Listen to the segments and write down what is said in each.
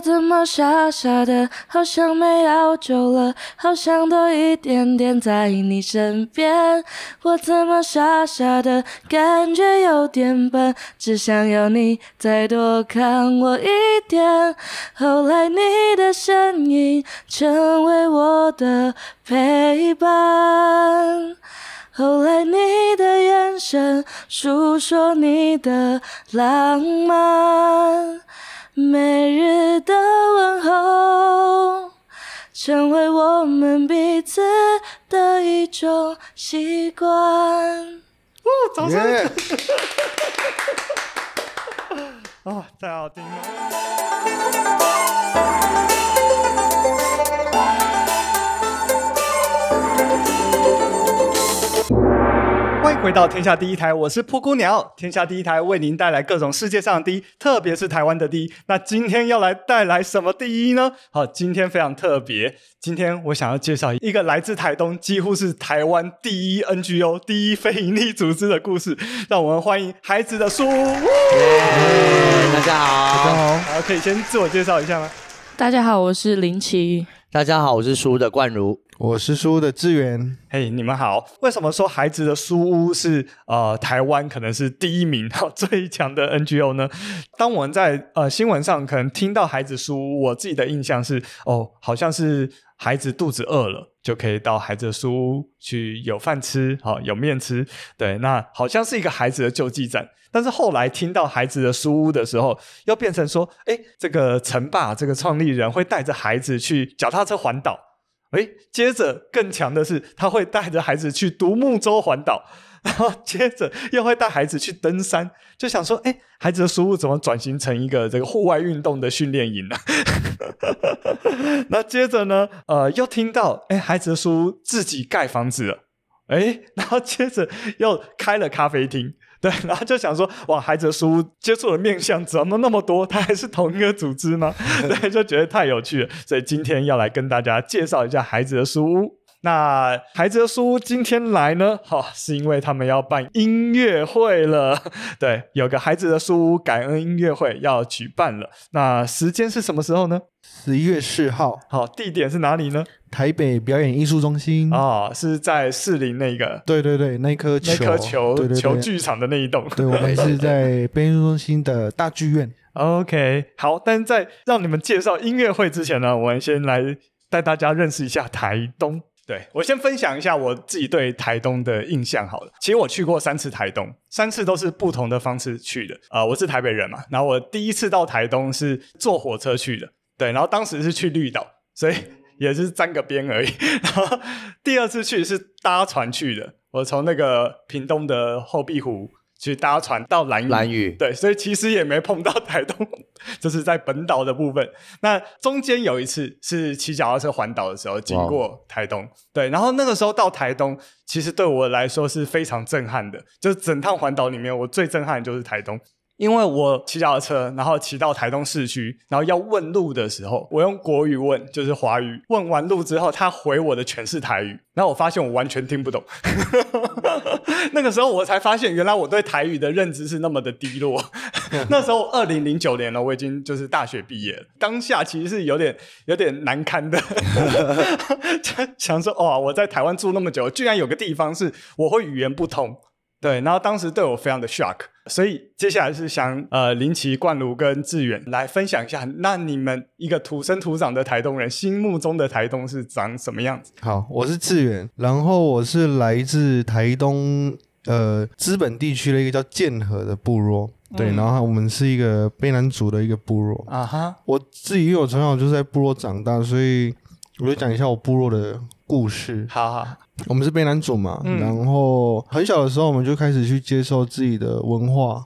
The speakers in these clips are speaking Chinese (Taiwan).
我怎麼傻傻的，好像沒有走了，好像多一點點在你身邊。我怎麼傻傻的，感覺有點笨，只想要你再多看我一點。後來你的身影成為我的陪伴，後來你的眼神訴說你的浪漫。每日的問候，成為我們彼此的一種習慣。哦，掌聲，啊、yeah. oh,，太好聽了。歡迎回到天下第一台，我是噗咕鳥。天下第一台為您帶來各種世界上的第一，特別是台灣的第一。那今天要來帶來什麼第一呢？好、啊，今天非常特別，今天我想要介紹一個來自台東，幾乎是台灣第一 NGO、第一非營利組織的故事。讓我們歡迎孩子的書屋。大家好，大家好，好，可以先自我介紹一下嗎？大家好，我是林琦。大家好，我是書屋的冠儒。我是書屋的智元。嘿、hey，你們好。為什麼說孩子的書屋是呃台灣可能是第一名哈最強的 NGO 呢？當我們在呃新聞上可能聽到孩子書屋，我自己的印象是哦，好像是孩子肚子餓了就可以到孩子的書屋去有飯吃，好、哦、有麵吃。對，那好像是一個孩子的救濟站。但是後來聽到孩子的書屋的時候，又變成說，哎、欸，這個陳爸，這個創立人會帶着孩子去腳踏車環島。誒接着更強的是，他會帶着孩子去獨木舟環島，然後接着又會帶孩子去登山，就想說，誒孩子的書屋怎麼轉型成一個這個戶外運動的訓練營呢、啊？ 那接着呢，呃，又聽到，誒孩子的書屋自己蓋房子了，誒然後接着又開了咖啡廳。對，然後就想說，哇，孩子的書屋接觸的面向怎麼那麼多？他還是同一個組織嗎、嗯？對，就覺得太有趣了。所以今天要來跟大家介紹一下孩子的書屋。那孩子的書屋今天來呢？好、哦，是因為他們要辦音樂會了。對，有個孩子的書屋感恩音樂會要舉辦了。那時間是什麼時候呢？十一月四號。好、哦，地點是哪裡呢？台北表演藝術中心啊、哦，是在士林那個，對對對，那顆球那顆球對對對球劇場的那一棟。對,對,對, 對，我們是在北藝中心的大劇院。OK，好，但是在讓你們介紹音樂會之前呢，我們先來帶大家認識一下台東。對我先分享一下我自己對台東的印象好了。其實我去過三次台東，三次都是不同的方式去的。啊、呃，我是台北人嘛，然後我第一次到台東是坐火車去的，對，然後當時是去綠島，所以。也是沾個邊而已。然後第二次去是搭船去的，我從那個屏東的後壁湖去搭船到蘭嶼蘭嶼，對，所以其實也沒碰到台東，就是在本島的部分。那中間有一次是騎腳踏車環島的時候經過台東，對。然後那個時候到台東，其實對我來說是非常震撼的，就是整趟環島裡面我最震撼的就是台東。因為我騎腳踏車，然後騎到台東市區，然後要問路的時候，我用國語問，就是華語，問完路之後，他回我的全是台語，然後我發現我完全聽不懂。 那個時候我才發現，原來我對台語的認知是那麼的低落。 那時候二零零九年了，我已經就是大學畢業了。當下其實是有點有點難堪的， 想說哦，我在台灣住那麼久，居然有個地方是我會語言不通。對，然後當時對我非常的 shock，所以接下來是想呃林琦冠儒跟智元來分享一下，那你們一個土生土長的台東人心目中的台東是長什麼樣子？好，我是智元，然後我是來自台東呃知本地區的一個叫建和的部落，嗯，對，然後我們是一個卑南族的一個部落啊哈、嗯，我自己因為我從小就在部落長大，所以我就講一下我部落的故事，好好，我們是卑南族嘛、嗯，然後很小的時候我們就開始去接受自己的文化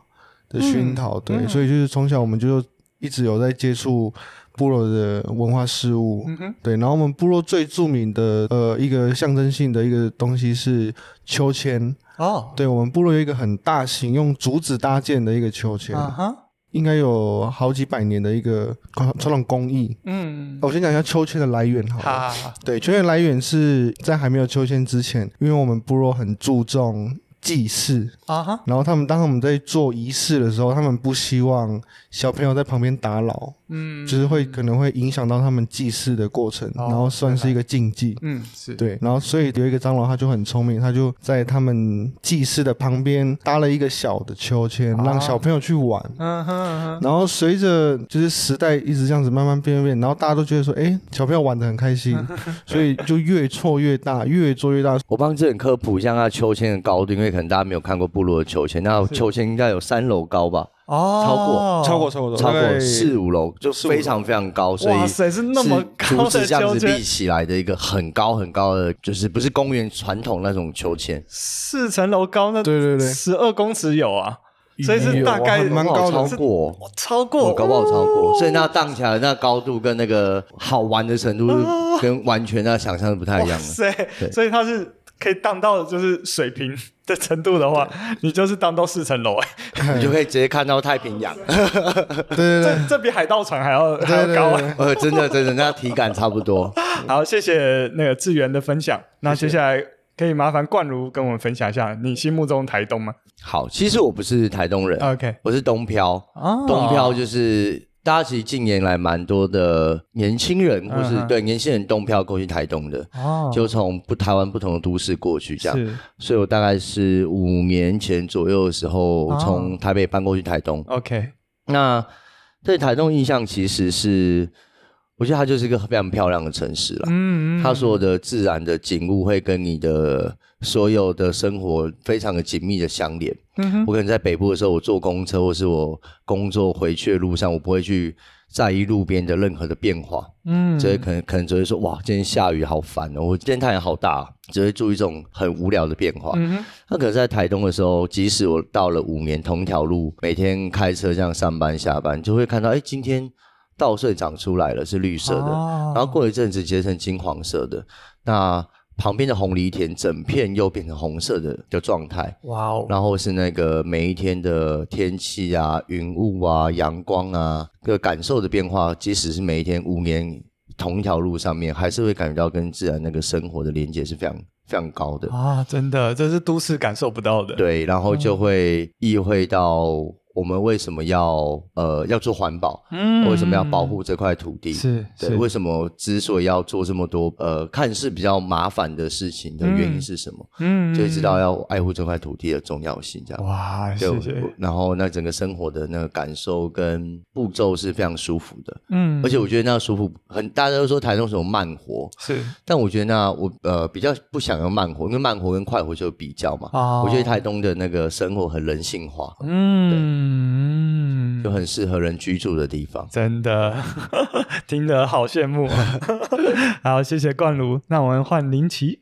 的熏陶，嗯、對、嗯，所以就是從小我們就一直有在接觸部落的文化事物，嗯對，然後我們部落最著名的呃一個象徵性的一個東西是秋千，哦，對我們部落有一個很大型用竹子搭建的一個秋千，啊哈。應該有好幾百年的一個傳統工藝。嗯、哦，我先講一下秋千的來源好，好。好哈對，秋千來源是在還沒有秋千之前，因為我們部落很注重祭祀、啊、然後他們當我們在做儀式的時候，他們不希望小朋友在旁邊打擾。嗯，就是會可能會影響到他們祭祀的過程、嗯，然後算是一個禁忌。嗯，是對，然後所以有一個蟑螂，他就很聰明、嗯，他就在他們祭祀的旁邊搭了一個小的秋千、啊，讓小朋友去玩。嗯、啊、哼、啊啊、然後隨着就是時代一直這樣子慢慢變變，然後大家都覺得說，哎、欸，小朋友玩得很開心，啊啊、所以就越做越大，越做越大。我幫這很科普，像那秋千的高度，因為可能大家沒有看過部落的秋千，那秋千應該有三樓高吧。哦超，超過超過超過超過四五樓，就是非常非常高，所以是那麼高的是是這樣子立起來的一個很高很高的，就是不是公園傳統那種秋千，四層樓高。那對對對，十二公尺有啊對對對，所以是大概是蠻高超過、哦，超過超過搞不好超過，所以那盪起來的那高度跟那個好玩的程度、哦，跟完全那想象的不太一樣的對，所以它是。可以盪到就是水平的程度的話，你就是盪到四層樓、欸，你就可以直接看到太平洋。 對，對對對，這這比海盜船還要 對對對對還要高，啊 對對對對。呃，真的真的，那體感差不多。 好，謝謝那個智元的分享。那接下來可以麻煩冠儒跟我們分享一下你心目中台東嗎？好，其實我不是台東人、嗯、，OK，我是東漂。Oh. 東漂就是。大家其實近年來蠻多的年輕人，或、嗯，就是對年輕人東漂過去台東的，哦、就從不台灣不同的都市過去這樣。所以我大概是五年前左右的時候，從、哦、台北搬過去台東。OK，那對台東印象其實是，我覺得它就是一個非常漂亮的城市啦。嗯，嗯嗯，它所有的自然的景物會跟你的。所有的生活非常的緊密的相連，嗯。我可能在北部的時候，我坐公車或是我工作回去的路上，我不會去在意路邊的任何的變化。嗯，所以可能可能只會說，哇，今天下雨好煩哦，喔。我今天太陽好大，只會注意這種很無聊的變化。那，嗯，可能在台東的時候，即使我到了五年同一條路，每天開車這樣上班下班，就會看到，哎，欸，今天稻穗長出來了，是綠色的。哦，然後過一陣子結成金黃色的。那旁邊的紅藜田整片又變成紅色的的狀態，哇、wow、哦！然後是那個每一天的天氣啊、雲霧啊、陽光啊，這個感受的變化，即使是每一天五年同一條路上面，還是會感覺到跟自然那個生活的連結是非常非常高的啊！真的，這是都市感受不到的。對，然後就會意會到。我們為什麼要呃要做環保？嗯，為什麼要保護這塊土地？是對是，為什麼之所以要做這麼多呃看似比較麻煩的事情的原因是什麼？嗯，就知道要愛護這塊土地的重要性，這樣哇，對不對，然後那整個生活的那個感受跟步驟是非常舒服的，嗯，而且我覺得那舒服很，大家都說台東什麼慢活是，但我覺得那我呃比較不想要慢活，因為慢活跟快活就比較嘛。啊、哦，我覺得台東的那個生活很人性化，嗯。對嗯，就很適合人居住的地方，真的聽得好羨慕。 好，謝謝冠儒，那我們換林琦。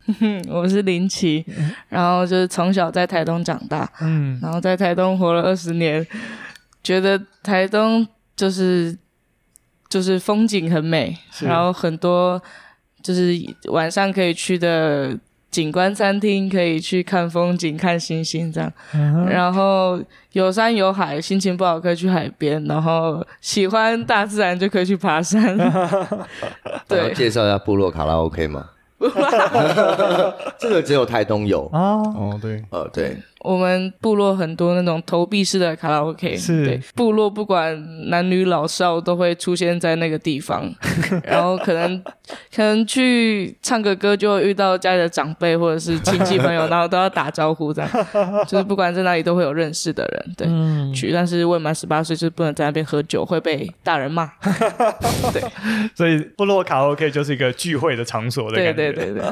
我是林琦， 然後就是從小在台東長大，嗯， 然後在台東活了二十年，覺得台東就是就是風景很美，然後很多就是晚上可以去的。景觀餐廳可以去看風景、看星星這樣，uh -huh. 然後有山有海，心情不好可以去海邊，然後喜歡大自然就可以去爬山。Uh -huh. 對，介紹一下部落卡拉 OK 嗎？ 這個只有台東有哦，uh -huh. Uh -huh. 對，對。我們部落很多那種投幣式的卡拉 OK，是，對，部落不管男女老少都會出現在那個地方， 然後可能可能去唱個歌就會遇到家裡的長輩或者是親戚朋友，然後都要打招呼這樣， 就是不管在哪裡都會有認識的人，對。嗯。去，但是未滿十八歲就是不能在那邊喝酒，會被大人罵。哈哈哈。對，所以部落卡拉 OK 就是一個聚會的場所的感覺。對對對對。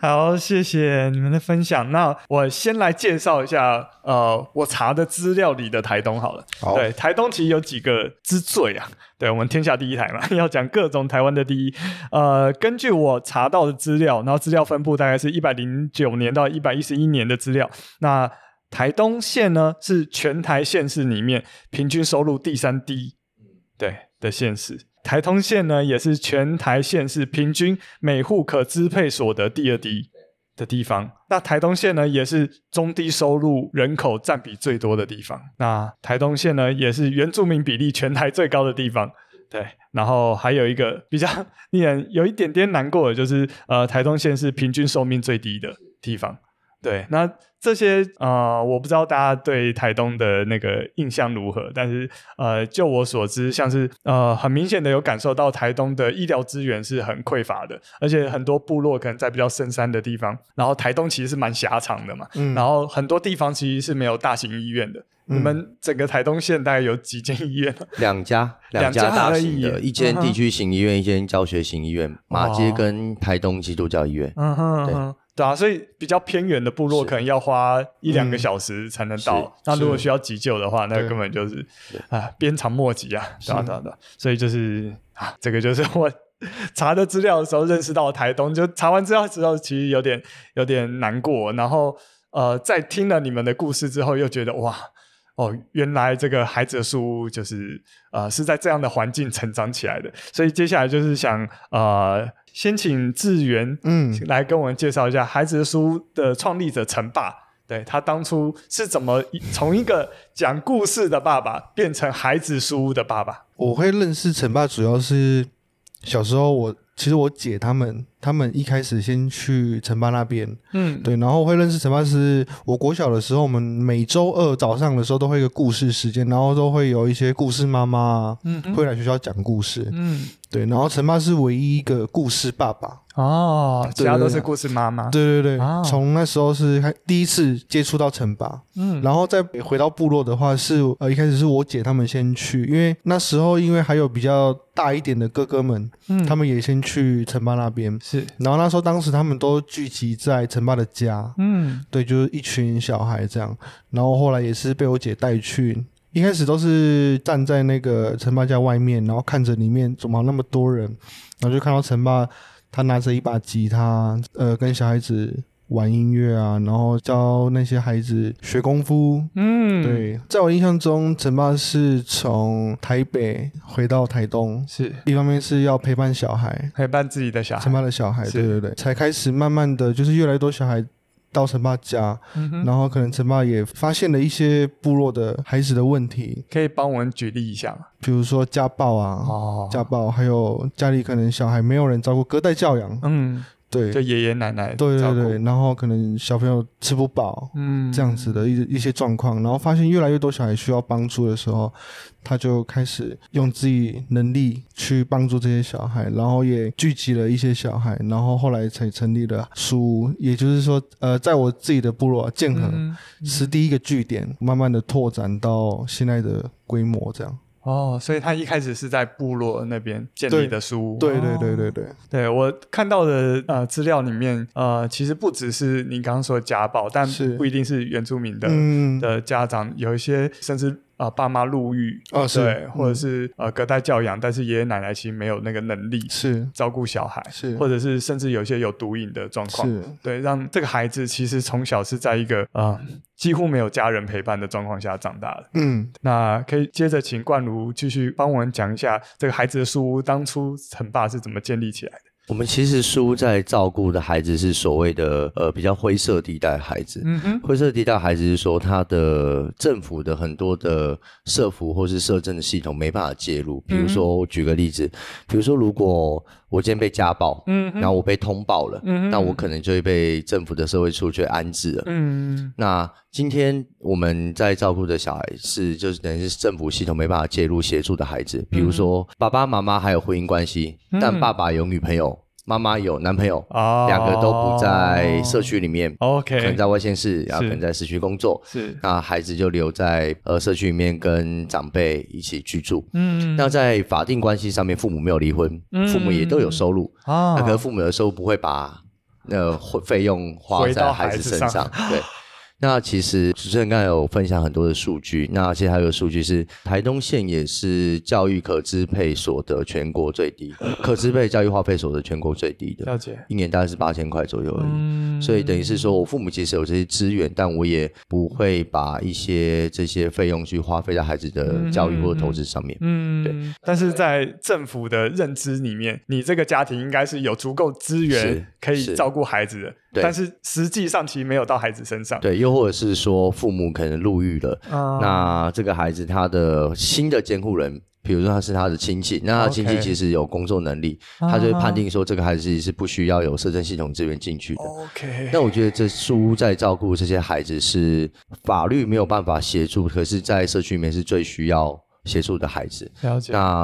好，謝謝你們的分享。那我先來。介紹一下，呃，我查的資料裡的台東好了好。對，台東其實有幾個之最啊。對，我們天下第一台嘛，要講各種台灣的第一。呃，根據我查到的資料，然後資料分布大概是一百零九年到一百一十一年的資料。那台東縣呢，是全台縣市裡面平均收入第三低，對，的縣市。台東縣呢，也是全台縣市平均每戶可支配所得第二低，的地方，那台東縣呢，也是中低收入人口佔比最多的地方。那台東縣呢，也是原住民比例全台最高的地方。對，然後還有一個比較令人有一點點難過的，就是呃，台東縣是平均壽命最低的地方。對，那。這些呃，我不知道大家對台東的那個印象如何，但是呃，就我所知，像是呃，很明顯的有感受到台東的醫療資源是很匱乏的，而且很多部落可能在比較深山的地方，然後台東其實是蠻狹長的嘛，嗯、然後很多地方其實是沒有大型醫院的。嗯、你們整個台東縣大概有幾間醫院？兩家，兩家大型的，一間地區型醫院，嗯、一間教學型醫院，嗯，馬偕跟台東基督教醫院。嗯哼，對，嗯、對啊，所以比較偏遠的部落可能要。花一兩個小時才能到，那、嗯、如果需要急救的話，那個、根本就是啊、呃，鞭長莫及啊，的、啊啊啊。所以就是啊，這個就是我查的資料的時候認識到台東，就查完資料之後，其實有點有點難過。然後呃，在聽了你們的故事之後，又覺得哇。哦，原來這個孩子的書屋就是呃是在這樣的環境成長起來的，所以接下來就是想呃先請智元嗯來跟我們介紹一下孩子的書屋的創立者陳爸，嗯、對，他當初是怎麼從一個講故事的爸爸變成孩子書屋的爸爸？我會認識陳爸主要是小時候我其實我姐他們。他們一開始先去陳爸那邊，嗯，對，然後會認識陳爸是，我國小的時候，我們每周二早上的時候都會有個故事時間，然後都會有一些故事媽媽，嗯，會來學校講故事嗯，嗯，對，然後陳爸是唯一一個故事爸爸，哦，對對對其他都是故事媽媽，對對對，從、哦、那時候是第一次接觸到陳爸，嗯，然後再回到部落的話是，呃，一開始是我姐他們先去，因為那時候因為還有比較大一點的哥哥們，嗯，他們也先去陳爸那邊。是，然後那時候當時他們都聚集在陳爸的家，嗯，對，就是一群小孩這樣，然後後來也是被我姐帶去，一開始都是站在那個陳爸家外面，然後看着裡面怎麼那麼多人，然後就看到陳爸他拿着一把吉他，呃，跟小孩子。玩音樂啊，然後教那些孩子學功夫。嗯，對，在我印象中，陳爸是從台北回到台東，是一方面是要陪伴小孩，陪伴自己的小孩，陳爸的小孩，對對對，才開始慢慢的就是越來越多小孩到陳爸家。嗯，然後可能陳爸也發現了一些部落的孩子的問題，可以幫我們舉例一下嗎？比如說家暴啊，哦，家暴，還有家裡可能小孩沒有人照顧，隔代教養，嗯。對，就爺爺奶奶，對對對，然後可能小朋友吃不飽，嗯，這樣子的一一些狀況，然後發現越來越多小孩需要幫助的時候，他就開始用自己能力去幫助這些小孩，然後也聚集了一些小孩，然後後來才成立了書屋，也就是說，呃，在我自己的部落建和，嗯，是第一個據點，慢慢的拓展到現在的規模這樣。哦，所以他一開始是在部落那邊建立的書屋，對對對對對、哦、對。我看到的呃資料裡面，呃，其實不只是您剛剛說的家暴，但不一定是原住民的、嗯、的家長，有一些甚至。啊，爸媽入獄，哦、是對，或者是、嗯、呃隔代教養，但是爺爺奶奶其實沒有那個能力是照顧小孩，是或者是甚至有些有毒癮的狀況，是，對，讓這個孩子其實從小是在一個啊幾乎沒有家人陪伴的狀況下長大的，嗯，那可以接着請冠儒繼續幫我們講一下這個孩子的書屋當初陳爸是怎麼建立起來的。我們其實書屋，在照顧的孩子是所謂的呃比較灰色地帶孩子，嗯哼，灰色地帶孩子是說他的政府的很多的社福或是社政的系統沒辦法介入，比如說我舉個例子，比如說如果。我今天被家暴，嗯、然後我被通報了，嗯，那我可能就會被政府的社會處去安置了。嗯、那今天我們在照顧的小孩是，就是等於是政府系統沒辦法介入協助的孩子，嗯、比如說爸爸媽媽還有婚姻關係，嗯，但爸爸有女朋友。嗯媽媽有男朋友，oh, 兩個都不在社區裡面，oh, okay. 可能在外縣市，然後可能在市區工作，是，那孩子就留在呃社區裡面跟長輩一起居住，嗯，那在法定關係上面，父母沒有離婚，嗯，父母也都有收入，嗯，那可能父母的收入不會把那費用花在孩子身上，上對。那其實主持人剛才有分享很多的數據，那其實還有一個數據是台東縣也是教育可支配所得全國最低，嗯、可支配教育花費所得全國最低的，了解，一年大概是八千塊左右而已，嗯。所以等於是說我父母其實有這些資源，但我也不會把一些這些費用去花費在孩子的教育或者投資上面。嗯，對，但是在政府的認知裡面，你這個家庭應該是有足夠資源可以照顧孩子的。但是實際上其實沒有到孩子身上，對，又或者是說父母可能入獄了，uh... 那這個孩子他的新的監護人，比如說他是他的親戚，那他親戚其實有工作能力，okay. 他就會判定說這個孩子其實是不需要有社政系統資源進去的。Uh... OK，那我覺得這書屋在照顧這些孩子是法律沒有辦法協助，可是，在社區裡面是最需要。協助的孩子，那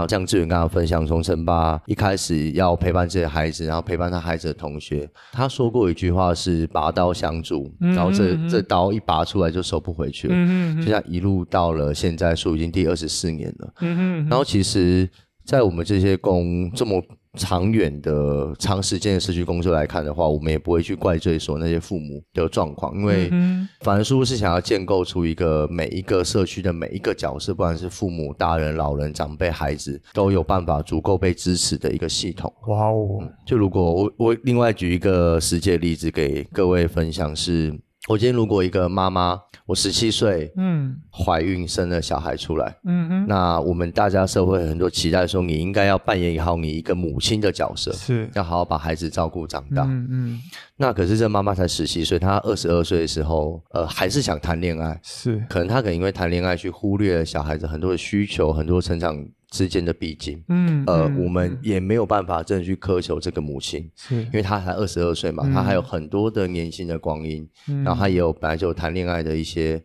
像志遠剛剛分享從陳爸，一開始要陪伴這些孩子，然後陪伴他孩子的同學，他說過一句話是“拔刀相助”。嗯、哼哼，然後這這刀一拔出來就收不回去了，嗯、哼哼就像一路到了現在，書已經第二十四年了，嗯哼哼。然後其實，在我們這些工這麼。長遠的、長時間的社區工作來看的話，我們也不會去怪罪說那些父母的狀況，因為凡叔是想要建構出一個每一個社區的每一個角色，不管是父母、大人、老人、長輩、孩子，都有辦法足夠被支持的一個系統。哇哦！就如果我我另外舉一個實際例子給各位分享是，我今天如果一個媽媽，我十七歲，嗯，懷孕生了小孩出來，嗯嗯，那我們大家社會很多期待說，你應該要扮演好你一個母親的角色，是，要好好把孩子照顧長大，嗯嗯，那可是這媽媽才十七歲，她二十二歲的時候，呃，還是想談戀愛，是，可能她可能因為談戀愛去忽略了小孩子很多的需求，很多成長。之間的必經，嗯，呃嗯，我們也沒有辦法真的去苛求這個母親，是因為她才二十二歲嘛，嗯，她還有很多的年輕的光陰，嗯，然後她也有本來就有談戀愛的一些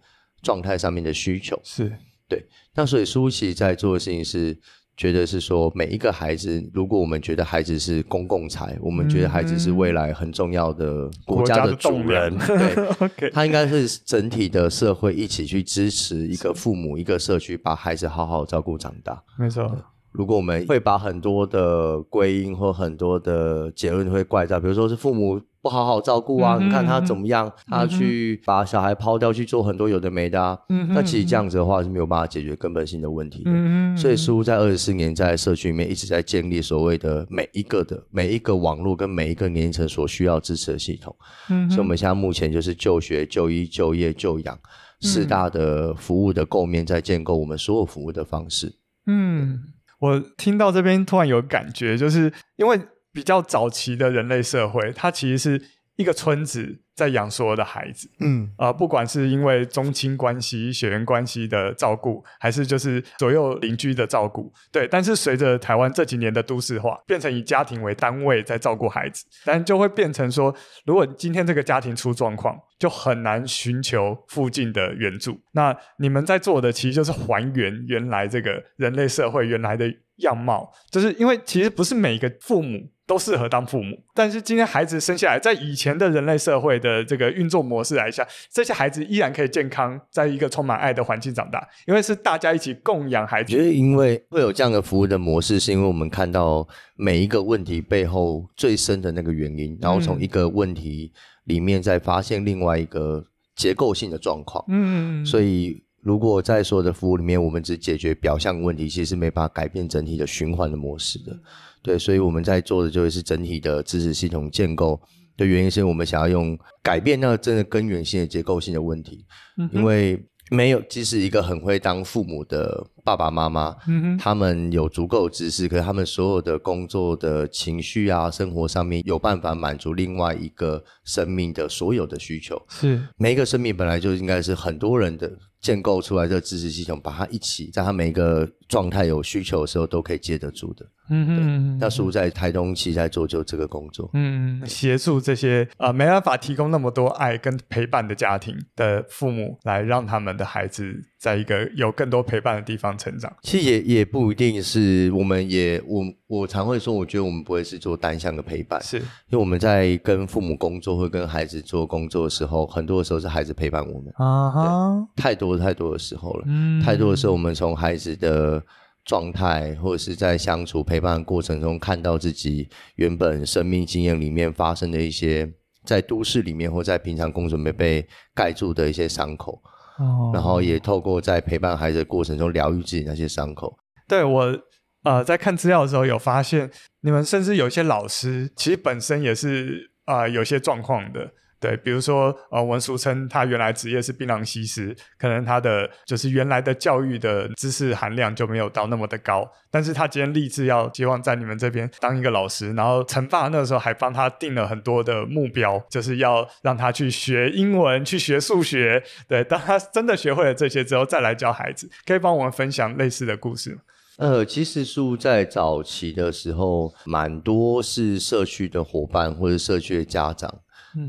狀態上面的需求，是，對，那所以書屋在做的事情是。覺得是說，每一個孩子，如果我們覺得孩子是公共財、嗯，我們覺得孩子是未來很重要的國家的主人，人，對， Okay. 他應該是整體的社會一起去支持一個父母， 一個社區，把孩子好好照顧長大。沒錯。如果我們會把很多的歸因或很多的結論會怪在，比如說是父母不好好照顧啊，嗯、你看他怎麼樣、嗯，他去把小孩拋掉去做很多有的沒的、啊嗯,那其實這樣子的話是沒有辦法解決根本性的問題的、嗯。所以，書屋在二十四年在社區裡面一直在建立所謂的每一個的每一個網絡跟每一個年齡層所需要支持的系統。嗯、所以，我們現在目前就是就學、就醫、就業、就養四大的服務的構面在建構我們所有服務的方式。嗯。我聽到這邊突然有感覺，就是因為比較早期的人類社會，它其實是。一個村子在養所有的孩子，嗯啊、呃，不管是因為宗親關係、血緣關係的照顧，還是就是左右鄰居的照顧，對。但是隨着台灣這幾年的都市化，變成以家庭為單位在照顧孩子，但就會變成說，如果今天這個家庭出狀況，就很難尋求附近的援助。那你們在做的其實就是還原原來這個人類社會原來的。樣貌，就是因為其實不是每一個父母都適合當父母，但是今天孩子生下來，在以前的人類社會的這個運作模式來講，這些孩子依然可以健康在一個充滿愛的環境長大，因為是大家一起供養孩子。因為會有這樣的服務的模式，是因為我們看到每一個問題背後最深的那個原因，然後從一個問題裡面再發現另外一個結構性的狀況。嗯，所以。如果在所有的服務裡面，我們只解決表象問題，其實是沒辦法改變整體的循環的模式的。對，所以我們在做的就是整體的知識系統建構的原因，是我們想要用改變那個真的根源性的結構性的問題。因為沒有，即使一個很會當父母的爸爸媽媽，嗯哼，他們有足夠的知識，可是他們所有的工作的情緒啊，生活上面有辦法滿足另外一個生命的所有的需求。是，每一個生命本來就應該是很多人的。建構出來的知識系統，把它一起，在他每一個狀態有需求的時候，都可以接得住的。嗯哼嗯嗯。那似乎在台東其實在做就這個工作，嗯嗯，協助這些啊、呃、沒辦法提供那麼多愛跟陪伴的家庭的父母，來讓他們的孩子。在一個有更多陪伴的地方成長，其實也也不一定是我們也我我常會說，我覺得我們不會是做單向的陪伴，是因為我們在跟父母工作或跟孩子做工作的時候，很多的時候是孩子陪伴我們啊、uh -huh. 太多太多的時候了，嗯、uh -huh.，太多的時候。我們從孩子的狀態或者是在相處陪伴的過程中，看到自己原本生命經驗裡面發生的一些，在都市裡面或者在平常工作沒被蓋住的一些傷口。然後也透過在陪伴孩子的過程中療癒自己那些傷口。對我，呃，在看資料的時候有發現，你們甚至有些老師其實本身也是啊，呃，有些狀況的。對，比如說，呃，我們俗稱他原來職業是檳榔西施，可能他的就是原來的教育的知識含量就沒有到那麼的高，但是他今天立志要希望在你們這邊當一個老師，然後陳爸那個時候還幫他定了很多的目標，就是要讓他去學英文，去學數學，對，當他真的學會了這些之後，再來教孩子，可以幫我們分享類似的故事嗎？呃，其實書，在早期的時候，蠻多是社區的夥伴或者社區的家長，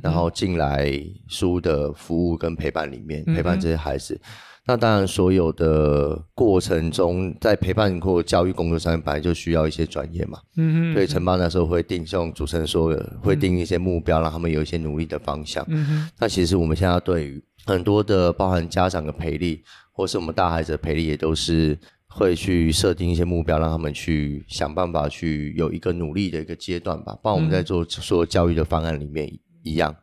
然後進來，書的服務跟陪伴裡面、嗯、陪伴這些孩子，那當然所有的過程中，在陪伴或教育工作上面，本來就需要一些專業嘛。嗯哼嗯哼。所以陳爸那時候會定，像主持人說的，會定一些目標，讓他們有一些努力的方向。嗯那其實我們現在對於很多的包含家長的培力，或是我們大孩子的培力，也都是會去設定一些目標，讓他們去想辦法去有一個努力的一個階段吧。包括我們在做所有教育的方案裡面。一樣，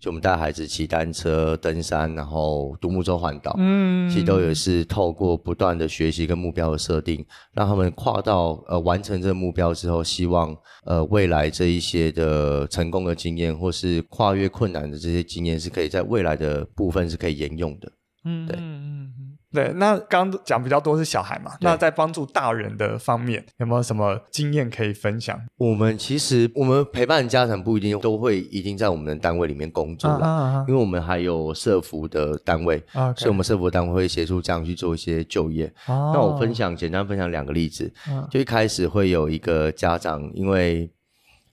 就我們帶孩子騎單車、登山，然後獨木舟環島，嗯，嗯，嗯，其實都有是透過不斷的學習跟目標的設定，讓他們跨到呃完成這個目標之後，希望呃未來這一些的成功的經驗，或是跨越困難的這些經驗，是可以在未來的部分是可以沿用的，嗯，嗯，嗯，對，對，那剛剛講比較多是小孩嘛，那在幫助大人的方面有沒有什麼經驗可以分享？我們其實我們陪伴的家長不一定都會已經在我們的單位裡面工作，了、啊啊啊，因為我們還有社服的單位，啊，okay、所以我們社服單位會協助家長去做一些就業。啊、那我分享簡單分享兩個例子、啊，就一開始會有一個家長，因為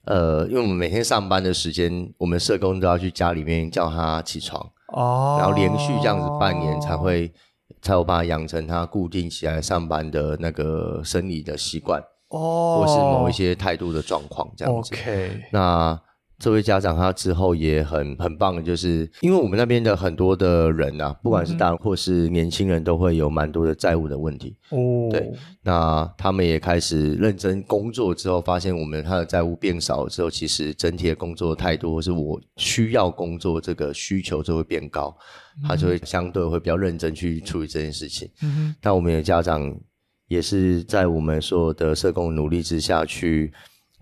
呃，因為我們每天上班的時間，我們社工都要去家裡面叫他起床，哦、啊，然後連續這樣子半年才會。才有辦法養成他固定起來上班的那個生理的習慣，oh. 或是某一些態度的狀況這樣子。Okay. 那。這位家長他之後也很很棒的，就是因為我們那邊的很多的人吶、啊，不管是大人、嗯、或是年輕人都會有蠻多的債務的問題哦。對，那他們也開始認真工作之後，發現我們他的債務變少了之後，其實整體的工作態度，或是我需要工作這個需求就會變高，嗯，他就會相對會比較認真去處理這件事情。嗯。那我們的家長也是在我們所有的社工的努力之下去。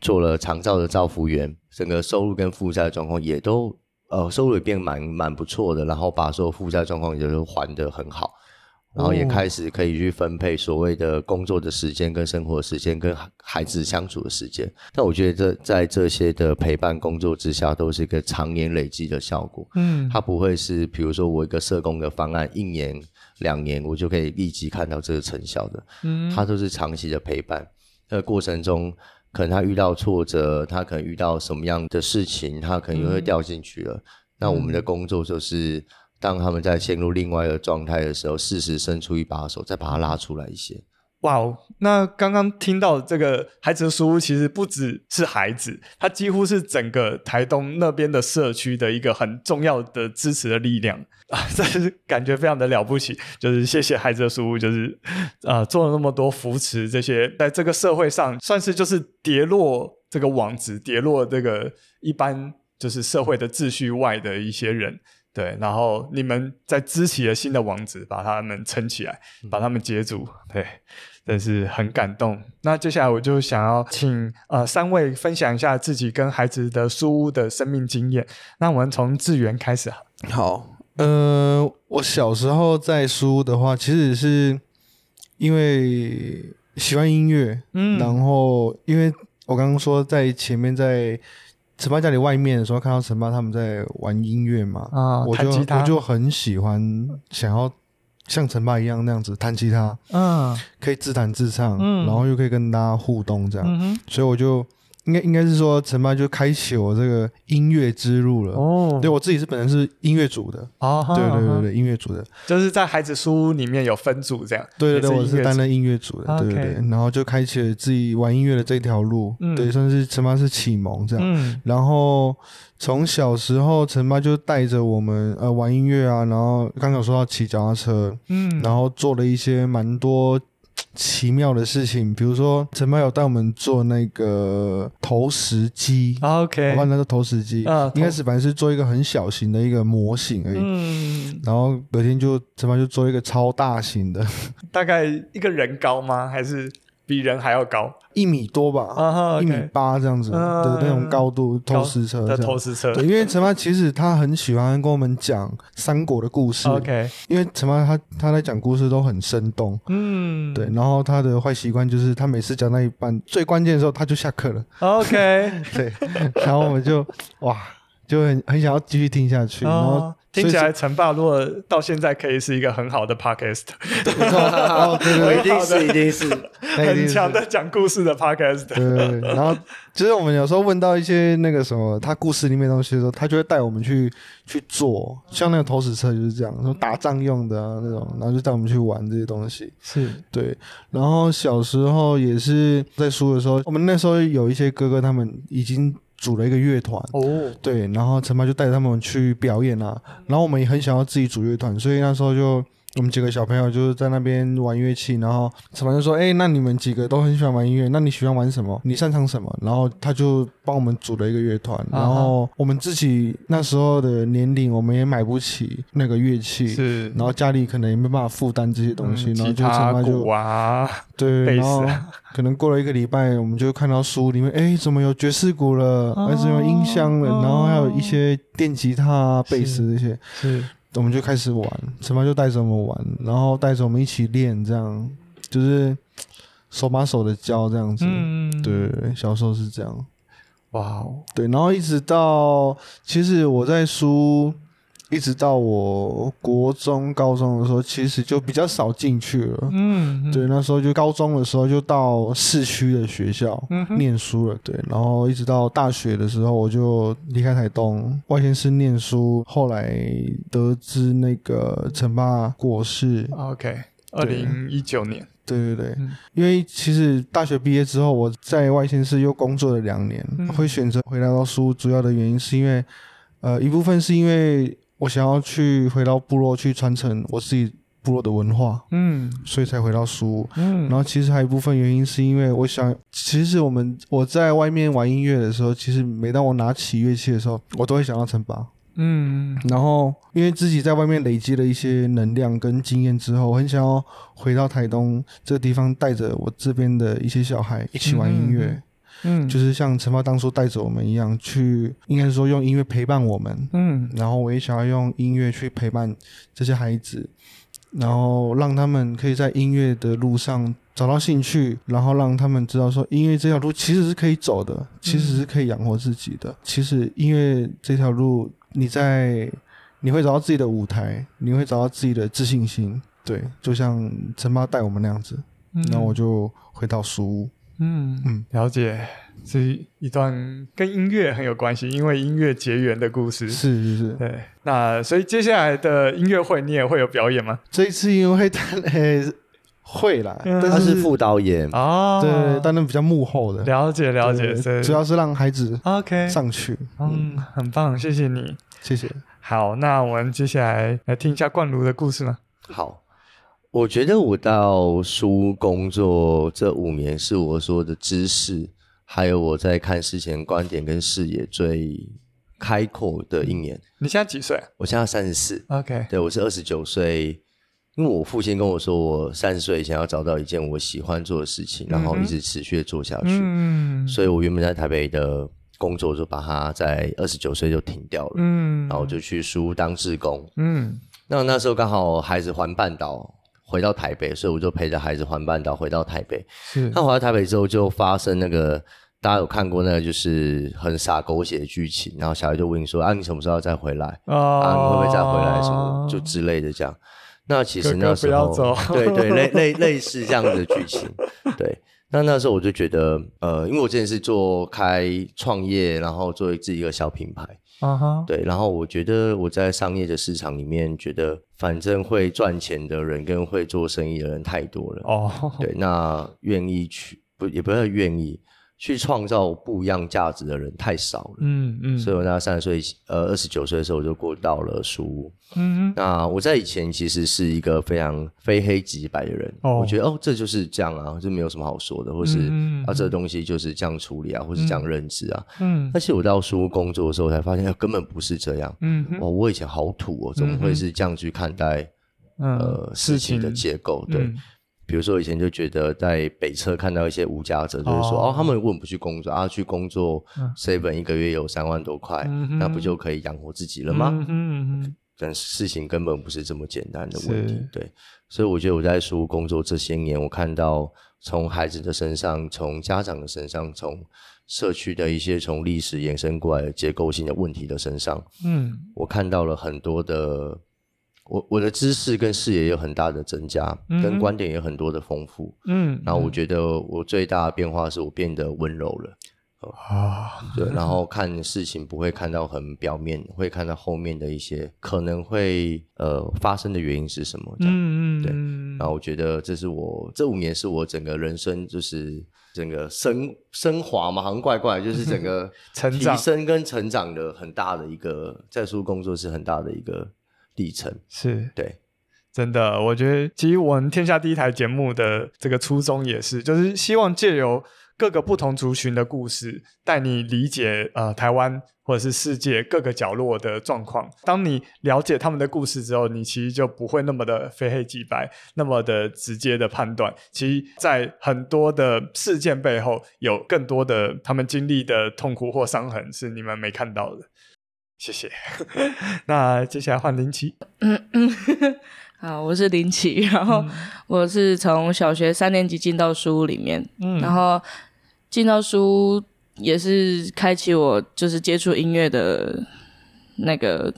做了長照的照服員，整個收入跟負債的狀況也都呃，收入也變蠻蠻不錯的，然後把所有負債狀況也都還的很好，然後也開始可以去分配所謂的工作的時間跟生活的時間跟孩子相處的時間。但我覺得這在這些的陪伴工作之下，都是一個長年累積的效果。嗯，它不會是比如說我一個社工的方案一年兩年我就可以立即看到這個成效的。嗯，它都是長期的陪伴，那個、過程中。可能他遇到挫折，他可能遇到什麼樣的事情，他可能又會掉進去了。嗯。那我們的工作就是，當他們在陷入另外一個狀態的時候，適時伸出一把手，再把他拉出來一些。哇哦！那剛剛聽到這個孩子的書屋，其實不只是孩子，他幾乎是整個台東那邊的社區的一個很重要的支持的力量啊，真是感覺非常的了不起。就是謝謝孩子的書屋，就是啊，做了那麼多扶持這些在這個社會上，算是就是跌落這個網子，跌落這個一般就是社會的秩序外的一些人。對，然後你們在支起了新的網子，把他們撐起來，嗯、把他們接住，對，真是很感動、嗯。那接下來我就想要請、呃、三位分享一下自己跟孩子的書屋的生命經驗。那我們從智元開始、嗯、好，呃，我小時候在書屋的話，其實是因為喜歡音樂，嗯，然後因為我剛剛說在前面在。陳爸家裡外面的時候，看到陳爸他們在玩音樂嘛，啊、哦，彈吉他，我，我就很喜歡，想要像陳爸一樣那樣子彈吉他，嗯，可以自彈自唱，嗯，然後又可以跟大家互動這樣，嗯、所以我就。應該應該是說，陳爸就開啟我這個音樂之路了。哦、oh.，對我自己是本身是音樂組的。哦，對對對對，oh. 音樂組的，就是在孩子書屋裡面有分組這樣。對對對，是我是擔任音樂組的。Okay. 對對對，然後就開啟了自己玩音樂的這條路。Okay. 對，算是陳爸是啟蒙這樣。嗯、然後從小時候，陳爸就帶着我們呃玩音樂啊，然後剛剛說到騎腳踏車，嗯，然後做了一些蠻多奇妙的事情，比如說陳爸有帶我們做那個投石機、啊、，OK，然後那個投石機、啊，應該是反正是做一個很小型的一個模型而已。嗯、然後隔天就陳爸就做一個超大型的， 大概一個人高嗎？還是？比人還要高，一米多吧，一、uh -huh, okay. 米八這樣子的、uh -huh. 對那種高度，投、嗯、石車的投石車。對， 因為陳爸其實他很喜歡跟我們講三國的故事。OK，、uh -huh. 因為陳爸他他在講故事都很生動。嗯、uh -huh.，對，然後他的壞習慣就是他每次講到一半最關鍵的時候，他就下課了。OK，、uh -huh. 對，然後我們就 哇，就很很想要繼續聽下去，uh -huh. 然後。聽起來陳爸如果到現在可以是一個很好的 podcast，對，好對，對，對，我一定是，一定是， 很強的講故事的 podcast。對，對，然後其實我們有時候問到一些那個什麼他故事裡面的東西的時候，他就會帶我們去去做，像那個投石車就是這樣，說打仗用的、啊、那種，然後就帶我們去玩這些東西。是對，然後小時候也是在書的時候，我們那時候有一些哥哥他們已經。組了一個樂團，哦，對，然後陳媽就帶他們去表演啊，然後我們也很想要自己組樂團，所以那時候就。我們幾個小朋友就是在那邊玩樂器，然後陳爸就說：“哎、欸，那你們幾個都很喜歡玩音樂，那你喜歡玩什麼？你擅長什麼？”然後他就幫我們組了一個樂團。然後我們自己那時候的年齡，我們也買不起那個樂器、uh -huh.，是。然後家裡可能也沒辦法負擔這些東西，陳、嗯、爸就哇、啊，對。然後可能過了一個禮拜，我們就看到書裡面，哎、 欸，怎麼有爵士鼓了？Uh -oh. 還是有音箱了？然後還有一些電吉他、貝、uh -oh. 斯這些。是。是我們就開始玩，陳爸就帶着我們玩，然後帶着我們一起練，這樣就是手把手的教，這樣子。嗯、對，小時候是這樣，哇，哦，對，然後一直到其實我在書。一直到我國中、高中的時候，其實就比較少進去了。嗯，對，那時候就高中的時候就到市區的學校念書了，嗯。對，然後一直到大學的時候，我就離開台東外縣市念書。後來得知那個陳爸過世，OK，二零一九年。對對對，嗯，因為其實大學畢業之後，我在外縣市又工作了兩年，嗯，會選擇回來到書，主要的原因是因為，呃，一部分是因為。我想要去回到部落去傳承我自己部落的文化，嗯，所以才回到書，嗯，然後其實還有一部分原因是因為我想，其實我們我在外面玩音樂的時候，其實每當我拿起樂器的時候，我都會想到陳爸。嗯，然後因為自己在外面累積了一些能量跟經驗之後，我很想要回到台東這個地方，帶着我這邊的一些小孩一起玩音樂。嗯嗯嗯，就是像陳爸當初帶着我們一樣去，應該是說用音樂陪伴我們。嗯，然後我也想要用音樂去陪伴這些孩子，然後讓他們可以在音樂的路上找到興趣，然後讓他們知道說，音樂這條路其實是可以走的，其實是可以養活自己的。嗯、其實音樂這條路，你在你會找到自己的舞台，你會找到自己的自信心。對，就像陳爸帶我們那樣子，嗯，那我就回到書屋。嗯嗯，了解。是一段跟音樂很有關係，因為音樂結緣的故事，是是是，對。那所以接下來的音樂會你也會有表演嗎？這一次音樂會呢、欸，會啦，嗯、但是他是副導演啊、哦，對，擔任比較幕後的，了解、了解對，主要是讓孩子 OK 上去 okay, 嗯，嗯，很棒，謝謝你，謝謝。好，那我們接下來來聽一下冠儒的故事嗎？好。我覺得我到書屋工作這五年，是我說的知識，還有我在看事前觀點跟視野最開闊的一年。你現在幾歲？啊，我現在三十四。OK，對我是二十九歲，因為我父親跟我說，我三十歲以前要找到一件我喜歡做的事情，然後一直持續的做下去。嗯、mm -hmm.，所以我原本在台北的工作就把它在二十九歲就停掉了。嗯、mm -hmm.，然後我就去書屋當志工。嗯、mm -hmm.，那我那時候剛好孩子還半島回到台北，所以我就陪着孩子環半島回到台北是。那回到台北之後，就發生那個大家有看過那個，就是很灑狗血的劇情。然後小孩就問你說：“啊，你什麼時候要再回來？啊，啊你會不會再回來？什麼就之類的這樣。”那其實那時候，哥哥不要走，對對，對類類類似這樣子的劇情。 對，那那時候我就覺得，呃，因為我之前是做開創業，然後做自己一個小品牌。Uh -huh. 對，然後我覺得我在商業的市場裡面，覺得反正會賺錢的人跟會做生意的人太多了哦。Oh. 對，那願意去，不，也不要願意。去創造不一樣價值的人太少了，嗯嗯，所以我大概三十歲，呃，二十九歲的時候我就過到了書屋，嗯嗯。那我在以前其實是一個非常非黑即白的人，哦、我覺得哦，這就是這樣啊，就沒有什麼好說的，或是、嗯、啊，這個、東西就是這樣處理啊，或是這樣認知啊，嗯。但是我到書屋工作的時候，我才發現啊，根本不是這樣，嗯，哇，我以前好土哦，怎麼會是這樣去看待、嗯，呃，事情的結構，嗯、對。嗯比如說，以前就覺得在北車看到一些無家者，就是說，oh. 哦，他們為什麼不去工作啊？去工作，seven 一個月有三萬多塊，嗯，那不就可以養活自己了嗎？嗯哼嗯嗯。但事情根本不是這麼簡單的問題，對。所以我覺得我在書屋工作這些年，我看到從孩子的身上，從家長的身上，從社區的一些從歷史延伸過來的結構性的問題的身上，嗯，我看到了很多的。我我的知識跟視野有很大的增加，嗯嗯跟觀點有很多的豐富，嗯，嗯，然後我覺得我最大的變化是我變得溫柔了，啊、嗯嗯呃，對，然後看事情不會看到很表面， 會看到後面的一些可能會呃發生的原因是什麼，嗯，嗯嗯，對，然後我覺得這是我這五年是我整個人生就是整個升昇華嘛，好像怪怪，就是整個提升跟成長的很大的一個， 在書屋工作是很大的一個。里程是對，真的。我覺得，其實我們天下第一台節目的這個初衷也是，就是希望借由各個不同族群的故事，帶你理解呃台灣或者是世界各個角落的狀況。當你了解他們的故事之後，你其實就不會那麼的非黑即白，那麼的直接的判斷。其實在很多的事件背後，有更多的他們經歷的痛苦或傷痕是你們沒看到的。謝謝。 那接下來換林琦。嗯嗯、 好，我是林琦。然後我是從小學三年級進到書屋裡面，嗯，然後進到書屋也是開啟我就是接觸音樂的那個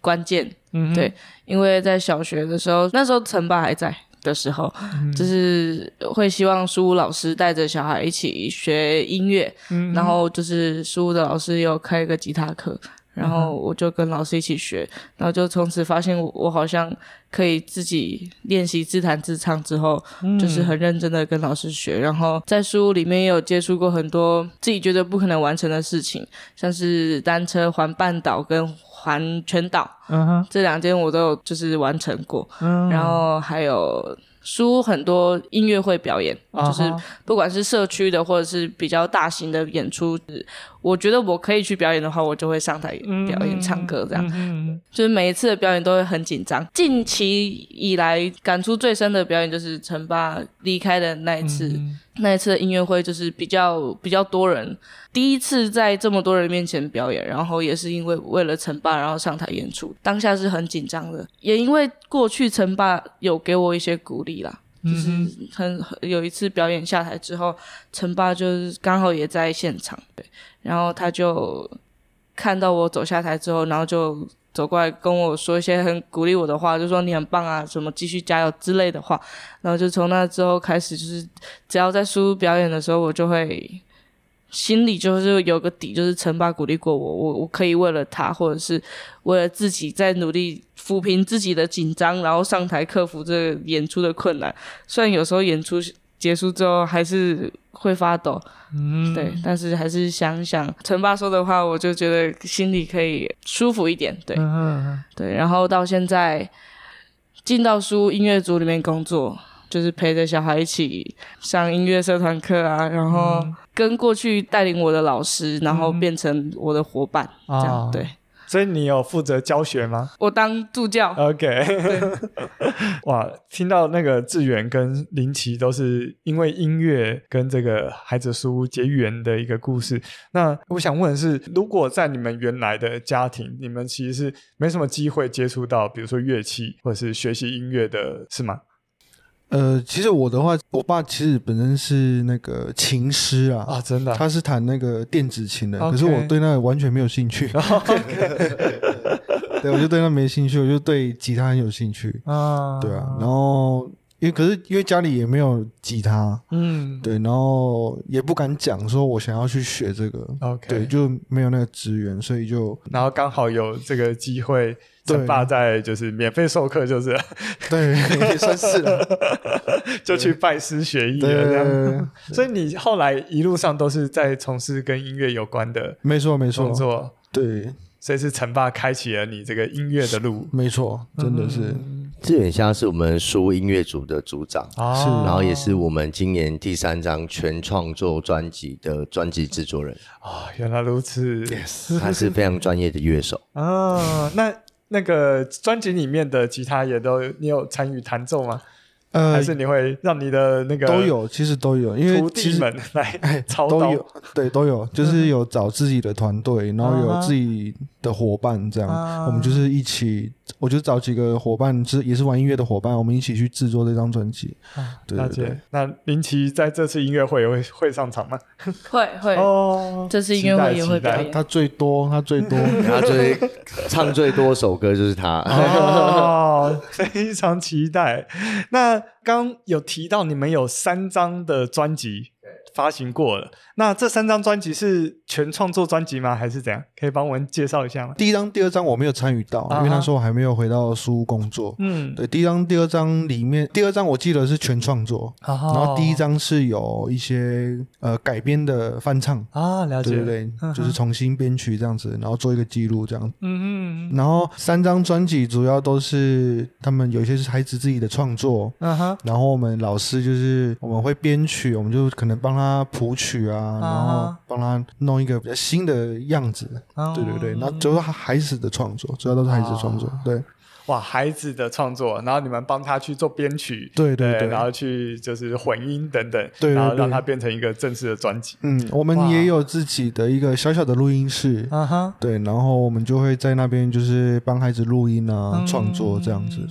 關鍵、嗯。對，因為在小學的時候，那時候陳爸還在的時候，嗯、就是會希望書屋老師帶着小孩一起學音樂、嗯，然後就是書屋的老師有開一個吉他課。然後我就跟老師一起學，嗯、然後就從此發現我，我好像可以自己練習自彈自唱。之後、嗯、就是很認真的跟老師學，然後在書裡面也有接觸過很多自己覺得不可能完成的事情，像是單車環半島跟環全島，嗯、這兩件我都有就是完成過。嗯、然後還有。書很多音樂會表演，uh -huh. 就是不管是社區的，或者是比較大型的演出，我覺得我可以去表演的話，我就會上台表演唱歌，這樣，mm -hmm. 就是每一次的表演都會很緊張。近期以來感觸最深的表演就是陳爸離開的那一次。Mm -hmm. 那一次的音樂會就是比較比較多人，第一次在這麼多人面前表演，然後也是因為為了陳爸，然後上台演出，當下是很緊張的，也因為過去陳爸有給我一些鼓勵啦、嗯，就是很有一次表演下台之後，陳爸就是剛好也在現場，對，然後他就看到我走下台之後，然後就。走過來跟我說一些很鼓勵我的話，就說你很棒啊，什麼繼續加油之類的話。然後就從那之後開始，就是只要在輸入表演的時候，我就會心裡就是有個底，就是陳爸鼓勵過我，我我可以為了他，或者是為了自己在努力撫平自己的緊張，然後上台克服這個演出的困難。雖然有時候演出。結束之後還是會發抖，嗯，對，但是還是想想陳爸說的話，我就覺得心裡可以舒服一點，對，嗯哼哼，對。然後到現在進到書屋音樂組裡面工作，就是陪着小孩一起上音樂社團課啊，然後跟過去帶領我的老師、嗯，然後變成我的夥伴、嗯，這樣對。所以你有負責教學嗎？我當助教。OK。 哇，聽到那個智元跟林琦都是因為音樂跟這個孩子書結緣的一個故事。那我想問的是，如果在你們原來的家庭，你們其實是沒什麼機會接觸到，比如說樂器或者是學習音樂的，是嗎？呃，其實我的話，我爸其實本身是那個琴師啊，啊，真的，啊，他是彈那個電子琴的，okay. 可是我對那個完全沒有興趣，okay. okay. 對，我就對那沒興趣，我就對吉他很有興趣，啊，對啊，然後。可是因為家裡也沒有吉他，嗯，對，然後也不敢講說，我想要去學這個，okay. 對，就沒有那個資源，所以就，然後剛好有這個機會，陳爸在就是免費授課，就是，對， 對也算是了， 就去拜師學藝了。對對對對 所以你後來一路上都是在從事跟音樂有關的，沒錯，沒錯，沒錯，對，所以是陳爸開啟了你這個音樂的路，沒錯，真的是。嗯智元先是我們書音樂組的組長，是、哦，然後也是我們今年第三張全創作專輯的專輯製作人啊、哦，原來如此，還、yes、是非常專業的樂手啊。那那個專輯裡面的吉他也都你有參與彈奏嗎？呃，還是你會讓你的那個都有，其實都有，因為徒弟們來操刀、哎、都有，對都有， 就是有找自己的團隊， 然後有自己的夥伴，這樣、啊、我們就是一起。我就找幾個伙伴，就是也是玩音樂的夥伴，我們一起去制作這張專輯。對對對，那林琦在這次音樂會會上場嗎？會會，哦、這次音樂會也會表演。他最多，他最多，他 最唱最多首歌就是他。哦、 非常期待。那剛，剛有提到你們有三張的專輯發行過了。那這三張專輯是全創作專輯嗎？還是怎樣？可以幫我們介紹一下嗎？第一張、第二張我沒有參與到，uh -huh. 因為那時候我還沒有回到書屋工作。嗯、uh -huh.，對，第一張、第二張裡面，第二張我記得是全創作，uh -huh. 然後第一張是有一些呃改編的翻唱啊，了解，對對對，uh -huh. 就是重新編曲這樣子，然後做一個記錄這樣嗯嗯，uh -huh. 然後三張專輯主要都是他們有一些是孩子自己的創作，嗯哼。然後我們老師就是我們會編曲，我們就可能幫他譜曲啊。啊，然後幫他弄一個比較新的樣子，uh -huh. 對對對，那就、uh -huh. 是他孩子的創作，uh -huh. 主要都是孩子的創作，對，哇，孩子的創作，然後你們幫他去做編曲，對對對,對,對，然後去就是混音等等，對,對,對,對，然後讓他變成一個正式的專輯。嗯，我們也有自己的一個小小的錄音室，啊哈，對，然後我們就會在那邊就是幫孩子錄音啊，uh -huh. 創作這樣子。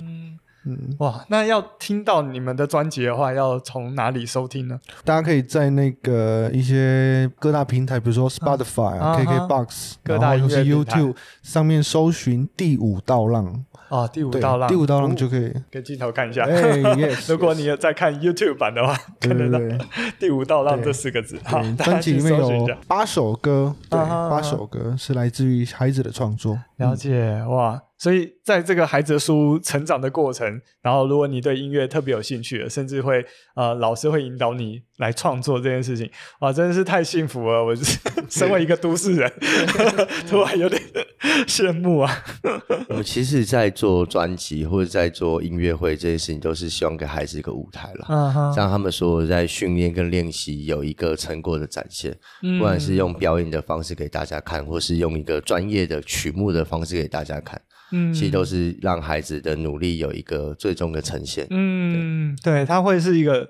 嗯，哇，那要聽到你們的專輯的話，要從哪裡收聽呢？大家可以在那個一些各大平台，比如說 Spotify 啊、啊 KK Box，各大一些 YouTube 上面搜尋、啊《第五道浪》哦，《第五道浪》《第五道浪》就可以。給鏡頭看一下，欸、 yes, 如果你有在看 YouTube 版的話，對對對 看得到《第五道浪》這四個字。對對對，好，專輯裡面有八首歌，對，啊、八首歌是來自於孩子的創作、啊啊嗯。了解，哇。所以，在這個孩子書屋成長的過程，然後如果你對音樂特別有興趣，甚至會呃，老師會引導你來創作這件事情，哇，真的是太幸福了！我是身為一個都市人， 突然有點羨慕啊。 我其實，在做專輯或者在做音樂會這些事情，都是希望給孩子一個舞台啦，uh -huh. 像他們說在訓練跟練習有一個成果的展現，不管是用表演的方式給大家看，mm -hmm. 或是用一個專業的曲目的方式給大家看。嗯，其實都是讓孩子的努力有一個最終的呈現。嗯，對，對他會是一個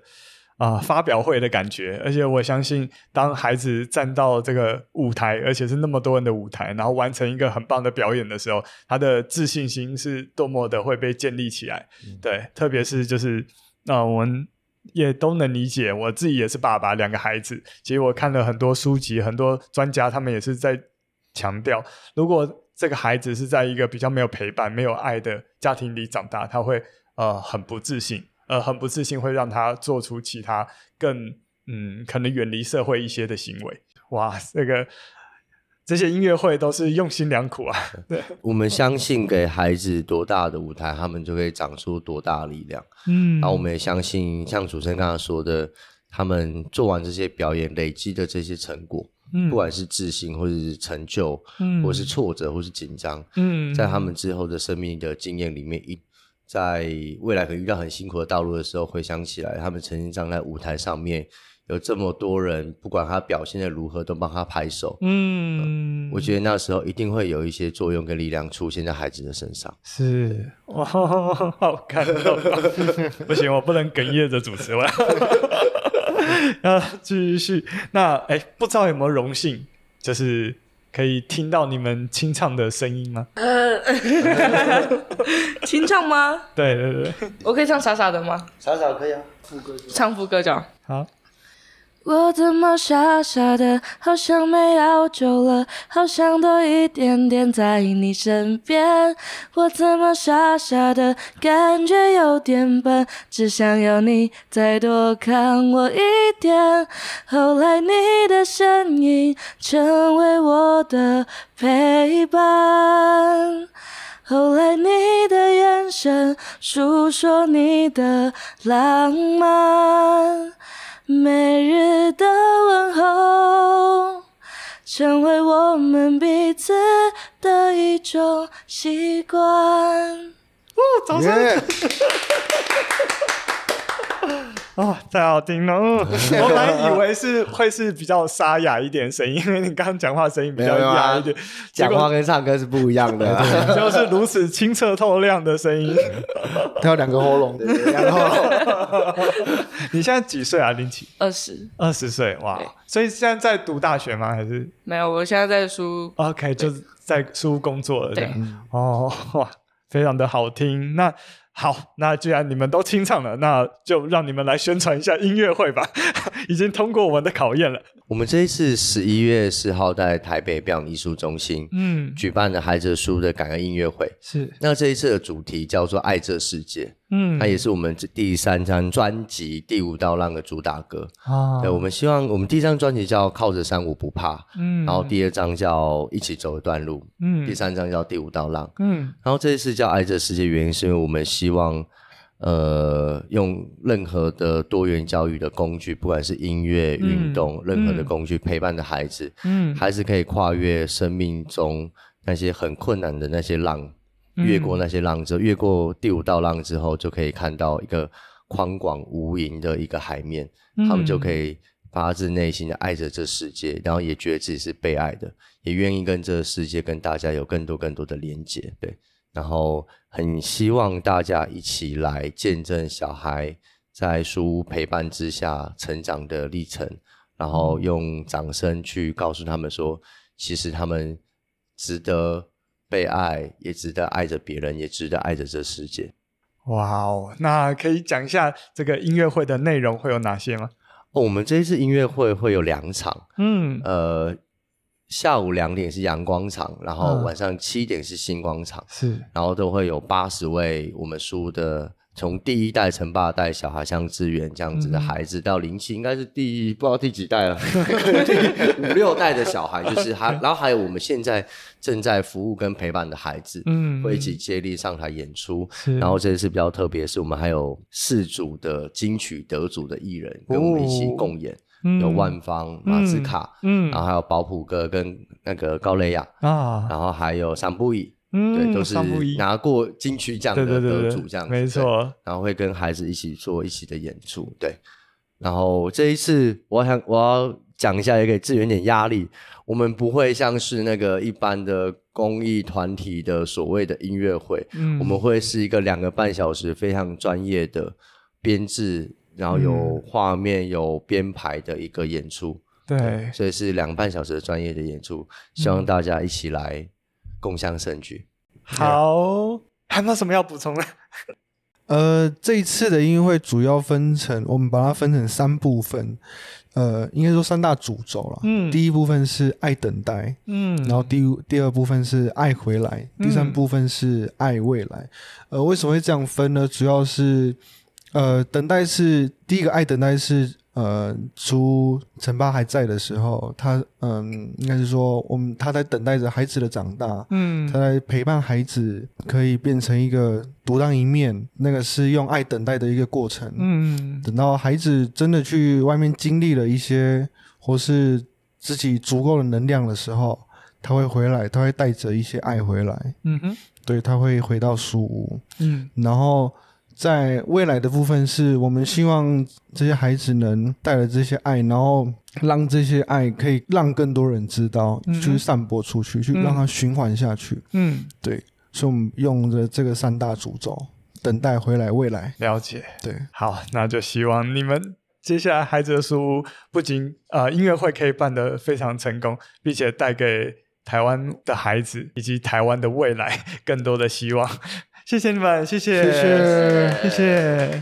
啊、呃、發表會的感覺。而且我相信，當孩子站到這個舞台，而且是那麼多人的舞台，然後完成一個很棒的表演的時候，他的自信心是多麼的會被建立起來。嗯、對，特別是就是啊、呃，我們也都能理解。我自己也是爸爸，兩個孩子，其實我看了很多書籍，很多專家他們也是在強調，如果，這個孩子是在一個比較沒有陪伴，沒有愛的家庭裡長大，他會呃很不自信，呃很不自信，會讓他做出其他更嗯可能遠離社會一些的行為。哇，這個這些音樂會都是用心良苦啊！對，我們相信，給孩子多大的舞台，他們就會長出多大的力量。嗯，然後我們也相信，像主持人剛剛說的，他們做完這些表演，累積的這些成果，嗯、不管是自信，或是成就，嗯、或是挫折，或是緊張，嗯，在他們之後的生命的經驗裡面，一在未來可以遇到很辛苦的道路的時候，回想起來，他們曾經站在舞台上面，有這麼多人，不管他表現的如何，都幫他拍手。嗯、呃，我覺得那時候一定會有一些作用跟力量出現在孩子的身上。是，哇，哇，好感動、哦， 不行，我不能哽咽着主持完。 啊，繼續，那哎、欸，不知道有沒有榮幸，就是可以聽到你們清唱的聲音嗎？呃、 清唱嗎？對對對，我可以唱傻傻的嗎？傻傻可以啊，副歌唱副歌就好。好我怎麼傻傻的，好像沒有走了，好像多一點點在你身邊。我怎麼傻傻的，感覺有點笨，只想要你再多看我一點。後來你的身影成為我的陪伴，後來你的眼神訴說你的浪漫。每日的問候，成為我們彼此的一種習慣。哦，掌聲。Yeah. 哦，太好聽了！ 我本來以為是會是比較沙啞一點聲音，因為你剛剛講話聲音比較啞一點。講、啊、話跟唱歌是不一樣的、啊，就是如此清澈透亮的聲音。他 有兩個喉嚨的 然後 你現在幾歲啊？林琦？二十，二十歲？哇！所以現在在讀大學嗎？還是沒有？我現在在書，OK，就是在書工作。了這樣。對，哦，哇，非常的好聽。那。好，那既然你們都清唱了，那就讓你們來宣傳一下音樂會吧。 已經通過我們的考驗了。我們這一次十一月四號在台北表演藝術中心，嗯，舉辦的孩子的書屋感恩音樂會，是。那這一次的主題叫做愛這世界，嗯，它也是我們這第三張專輯《第五道浪》的主打歌啊。對，我們希望我們第一張專輯叫靠着山我不怕，嗯，然後第二張叫一起走一段路，嗯，第三張叫《第五道浪》，嗯，然後這一次叫愛這世界，原因是因為我們希望。呃，用任何的多元教育的工具，不管是音樂、嗯、運動，任何的工具陪伴的孩子，嗯，孩子可以跨越生命中那些很困難的那些浪，嗯、越過那些浪之後，越過第五道浪之後，就可以看到一個寬廣無垠的一個海面，嗯。他們就可以發自內心的愛着這世界，然後也覺得自己是被愛的，也願意跟這個世界、跟大家有更多更多的連接。對。然後很希望大家一起來見證小孩在書屋陪伴之下成長的歷程，然後用掌聲去告訴他們說，其實他們值得被愛，也值得愛着別人，也值得愛着這世界。哇哦，那可以講一下這個音樂會的內容會有哪些嗎？哦，我們這一次音樂會會有兩場，嗯，呃。下午兩點是陽光場，然後晚上七點是星光場，是、嗯，然後都會有八十位我們書屋的。從第一代陳爸帶小孩，像志援這樣子的孩子，嗯、到零七應該是第，不知道第幾代了， 五六代的小孩，就是還 然後還有我們現在正在服務跟陪伴的孩子，嗯，嗯，會一起接力上台演出。然後這次比較特別，是我們還有四組的金曲得主的藝人跟我們一起共演，哦、有萬芳、嗯、Matzka，嗯，然後還有保卜哥跟那個高蕾雅啊，然後還有桑布伊。嗯對，都是拿過金曲獎的得主這樣子，嗯對對對對，沒錯。然後會跟孩子一起做一起的演出，對。然後這一次，我想我要講一下，也給智元點壓力，嗯。我們不會像是那個一般的公益團體的所謂的音樂會，嗯，我們會是一個兩個半小時非常專業的編製，然後有畫面有編排的一個演出，嗯、對，對。所以是兩個半小時的專業的演出，希望大家一起來。共襄盛舉，好、嗯，還沒有什麼要補充的？呃，這一次的音樂會主要分成，我們把它分成三部分，呃，應該說三大主軸啦。嗯，第一部分是愛等待，嗯，然後第第二部分是愛回來、嗯，第三部分是愛未來。呃，為什麼會這樣分呢？主要是，呃，等待是第一個，愛等待是。呃，豬，陳爸還在的時候，他嗯，應該是說，我們他在等待着孩子的長大，嗯，他在陪伴孩子，可以變成一個獨當一面，那個是用愛等待的一個過程，嗯，等到孩子真的去外面經歷了一些，或是自己足夠的能量的時候，他會回來，他會帶着一些愛回來，嗯哼，對他會回到書屋，嗯，然後。在未來的部分，是我們希望這些孩子能帶着這些愛，然後讓這些愛可以讓更多人知道，去、嗯嗯就是、散播出去、嗯，去讓它循環下去。嗯，對，所以我們用着這個三大主軸，等待回來未來了解。對，好，那就希望你們接下來孩子的書屋不僅啊、呃、音樂會可以辦得非常成功，並且帶給台灣的孩子以及台灣的未來更多的希望。謝謝你們，謝謝，謝謝，謝謝。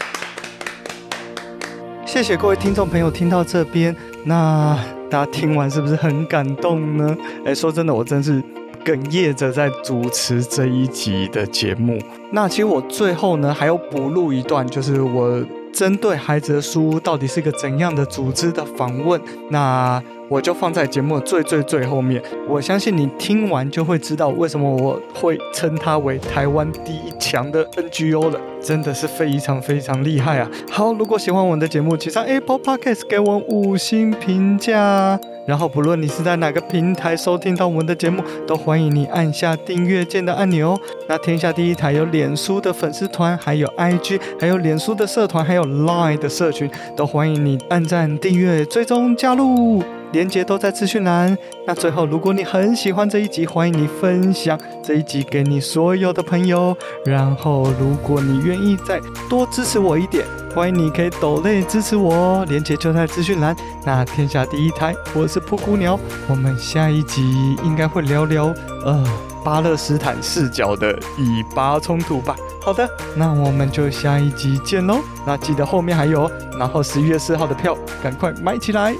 謝謝各位聽眾朋友聽到這邊，那大家聽完是不是很感動呢？誒，說真的，我真是哽咽着在主持這一集的節目。 那其實我最後呢還要補錄一段，就是我針對孩子的書到底是一個怎樣的組織的訪問。那。我就放在節目最最最後面，我相信你聽完就會知道為什麼我會稱它為台灣第一強的 NGO 了，真的是非常非常厲害啊！好，如果喜歡我們的節目，請上 Apple Podcast 給我五星評價。然後，不論你是在哪個平台收聽到我們的節目，都歡迎你按下訂閱鍵的按鈕哦。那天下第一台有臉書的粉絲團，還有 IG，還有臉書的社團，還有 Line 的社群，都歡迎你按讚、訂閱、追蹤、加入。鏈接都在資訊欄。那最後，如果你很喜歡這一集，歡迎你分享這一集給你所有的朋友。然後，如果你願意再多支持我一點，歡迎你可以抖內支持我，鏈接就在資訊欄。那天下第一台，我是噗咕鳥。我們下一集應該會聊聊呃巴勒斯坦視角的以巴衝突吧。好的，那我們就下一集見嘍。那記得後面還有，然後十一月四號的票趕快買起來。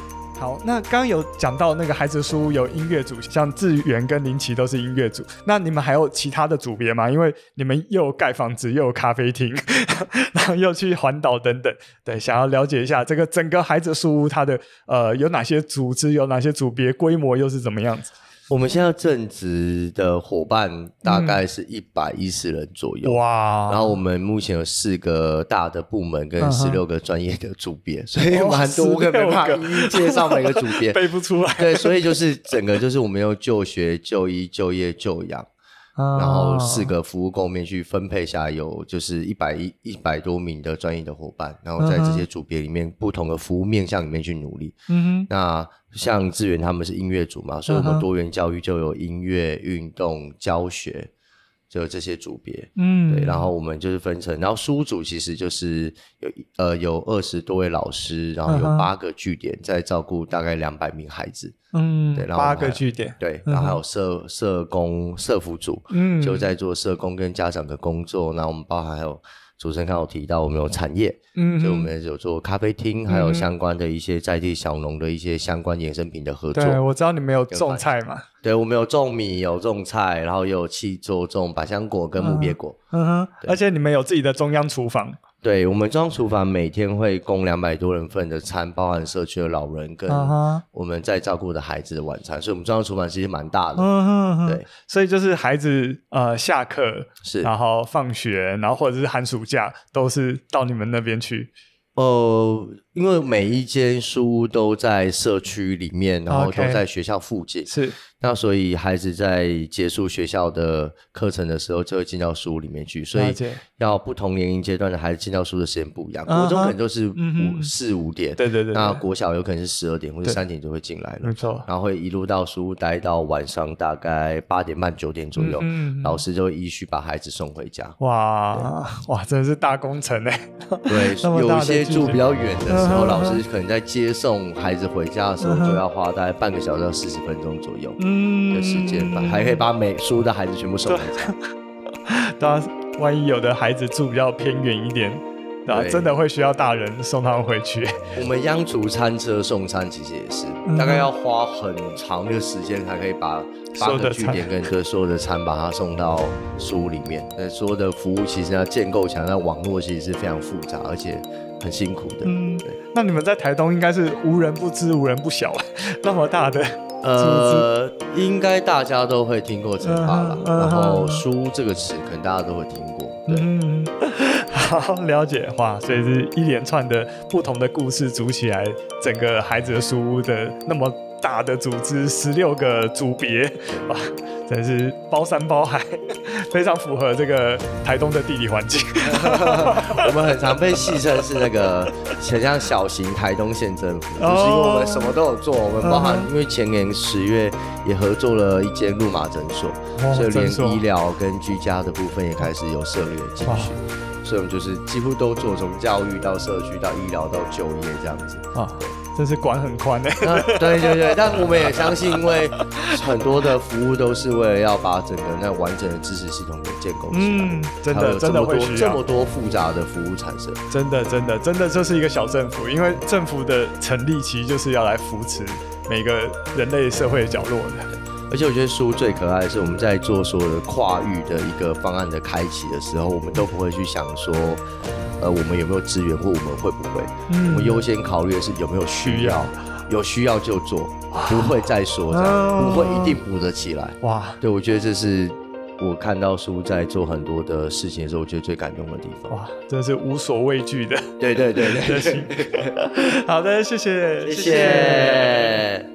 好，那剛剛有講到那個孩子書屋有音樂組，像智元跟林琦都是音樂組。那你們還有其他的組別嗎？因為你們又蓋房子，又有咖啡廳，然後又去環島等等。對，想要了解一下這個整個孩子書屋它的呃有哪些組織，有哪些組別，規模又是怎麼樣子？我們現在正值的夥伴大概是一百一十人左右，嗯，哇！然後我們目前有四個大的部門跟16專、嗯哦、十六個專業的組別，所以蠻多，沒辦法一一介紹每個組別，背不出來。對，所以就是整個就是我們用就學、 就醫、就業、就養、哦，然後四個服務構面，去分配下，有就是一百一一百多名的專業的夥伴，然後在這些組別裡面不同的服務面向裡面去努力。嗯那。像智元他們是音樂組嘛，所以我們多元教育就有音樂、運動教學，就有這些組別。嗯，對，然後我們就是分成，然後書組其實就是有呃，有二十多位老師，然後有八個據點在照顧大概兩百名孩子。嗯，對，然後八個據點，對，然後還有社、嗯、社工社服組，嗯，就在做社工跟家長的工作。然後我們包含還有。主持人剛好提到我們有產業，嗯，所以我們有做咖啡廳，嗯，還有相關的一些在地小農的一些相關衍生品的合作。對，我知道你們有種菜嘛？對，我們有種米，有種菜，然後也有去做種百香果跟木鱉果。嗯，嗯哼，而且你們有自己的中央廚房。對，我們中央廚房每天會供兩百多人份的餐，包含社區的老人跟我們在照顧的孩子的晚餐，uh -huh. 所以我們中央廚房其實蠻大的。Uh、-huh -huh. 對，所以就是孩子呃下課，是然後放學，然後或者是寒暑假，都是到你們那邊去哦。Uh... 因為每一間書屋都在社區裡面，然後都在學校附近。是、okay，那所以孩子在結束學校的課程的時候，就會進到書屋裡面去。所以要不同年齡階段的孩子進到書的時間不一樣。啊、國中可能就是五、啊嗯、四五點。對，對對對。那國小有可能是十二點或者三點就會進來了。沒錯。然後會一路到書屋待到晚上大概八點半九點左右，嗯，嗯，嗯。老師就會依序把孩子送回家。哇哇，真的是大工程呢。對， 有一些住比較遠的。 然後老師可能在接送孩子回家的時候，就要花大概半個小時到四十分鐘左右的時間吧，還可以把每所的孩子全部送回家。嗯嗯嗯、當然、啊，萬一有的孩子住比較偏遠一點，然後、啊、真的會需要大人送他們回去。我們央廚餐車送餐其實也是，嗯、大概要花很長的時間才可以把八個據點跟所有的餐把它送到書裡面。那所有的服務其實要建構起來，但網絡其實是非常複雜，而且。很辛苦的，嗯對，那你們在台東應該是無人不知、無人不曉，那麼大的，知知呃，應該大家都會聽過陳爸啦。然後“書”這個詞，可能大家都會聽過，嗯，對嗯好了解，哇！所以是一連串的不同的故事組起來，整個孩子的書屋的那麼大的組織，十六個組別，哇，真是包山包海，非常符合這個台東的地理環境。 我們很常被戲稱是那個很像小型台東縣政府，oh, 就是因為我們什麼都有做，我們包含、uh -huh. 因為前年十月也合作了一間鹿馬診所，oh, 所以連醫療跟居家的部分也開始有涉獵進去，oh. 所以我們就是幾乎都做從教育到社區到醫療到就業這樣子啊。Oh. 對真是管很寬呢。欸，對對對， 但我們也相信，因為很多的服務都是為了要把整個那完整的知識系統給建構起來，嗯，真的真的會有這麼多複雜的服務產生。真的真的真的就是一個小政府，因為政府的成立其實就是要來扶持每個人類社會的角落的。而且我覺得書最可愛的是，我們在做所有的跨域的一個方案的開啟的時候，我們都不會去想說呃，我們有沒有資源，或我們會不會？嗯，嗯，我們優先考慮的是有沒有需要，有需要就做，不會再說這樣，不會一定補得起來。哇，對我覺得這是我看到書在做很多的事情的時候，我覺得最感動的地方。哇，真的是無所畏懼的。對對對對，對。 好的，謝謝，謝謝，謝。